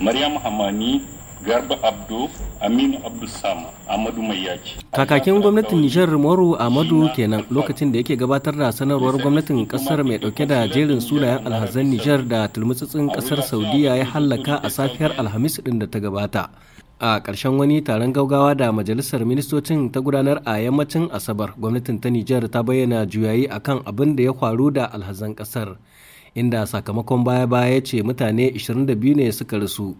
maryam hamani garba abdu aminu abdul sama amadu mai yaki kakakin gwamnatin nijar moro amadu kenan lokacin da yake gabatar da sanarwar gwamnatin kasar mai dauke da jerin sunayen alhazan nijar da tulmutsutsun kasar saudiya ya hallaka a safiyar alhamis din da ta gabata a ƙarshen wani taron gaugawa da majalisar ministocin ta gudanar a yammacin asabar gwamnatin ta nijar ta bayyana juyayi akan abin da ya faru da alhazan kasar inda sakamakon baya-baya ya ce mutane 22 ne suka rasu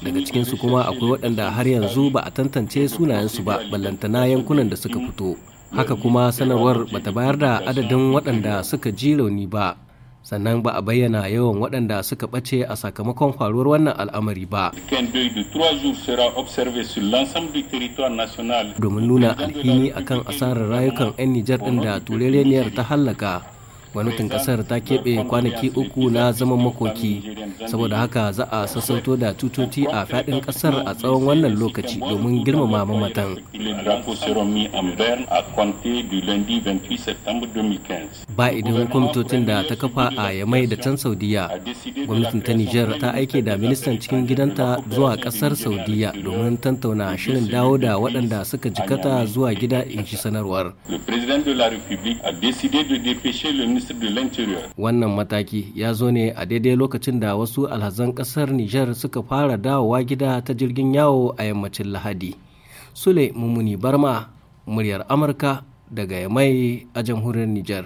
daga cikinsu kuma akwai waɗanda har yanzu ba a tantance sunayensu ba ballantana yankunan da suka fito haka kuma sanarwar bata bayar da adadin waɗanda suka ji rauni ba sannan ba a bayyana yawan waɗanda suka ɓace a sakamakon faruwar wannan al'amari ba domin nuna alhini akan asarar rayukan 'yan nijar ɗin da turereniyar ta hallaka gwamnatin kasar ta keɓe kwanaki uku na zaman makoki saboda haka za a sassauto da tutoti a faɗin kasar a tsawon wannan lokaci domin girmama mamatan ba idan kwamitocin da ta kafa a yamai da can saudiya gwamnatin ta nijar ta aike da ministan cikin gidanta zuwa kasar saudiya domin tantauna shirin dawo da waɗanda suka jikata zuwa gida in sanarwar. ministre de Wannan mataki ya zo ne a daidai lokacin da wasu alhazan kasar niger suka fara dawowa gida ta jirgin yawo a yammacin Lahadi. Sule Mumuni Barma, muryar Amurka daga Yamai a jamhuriyar niger.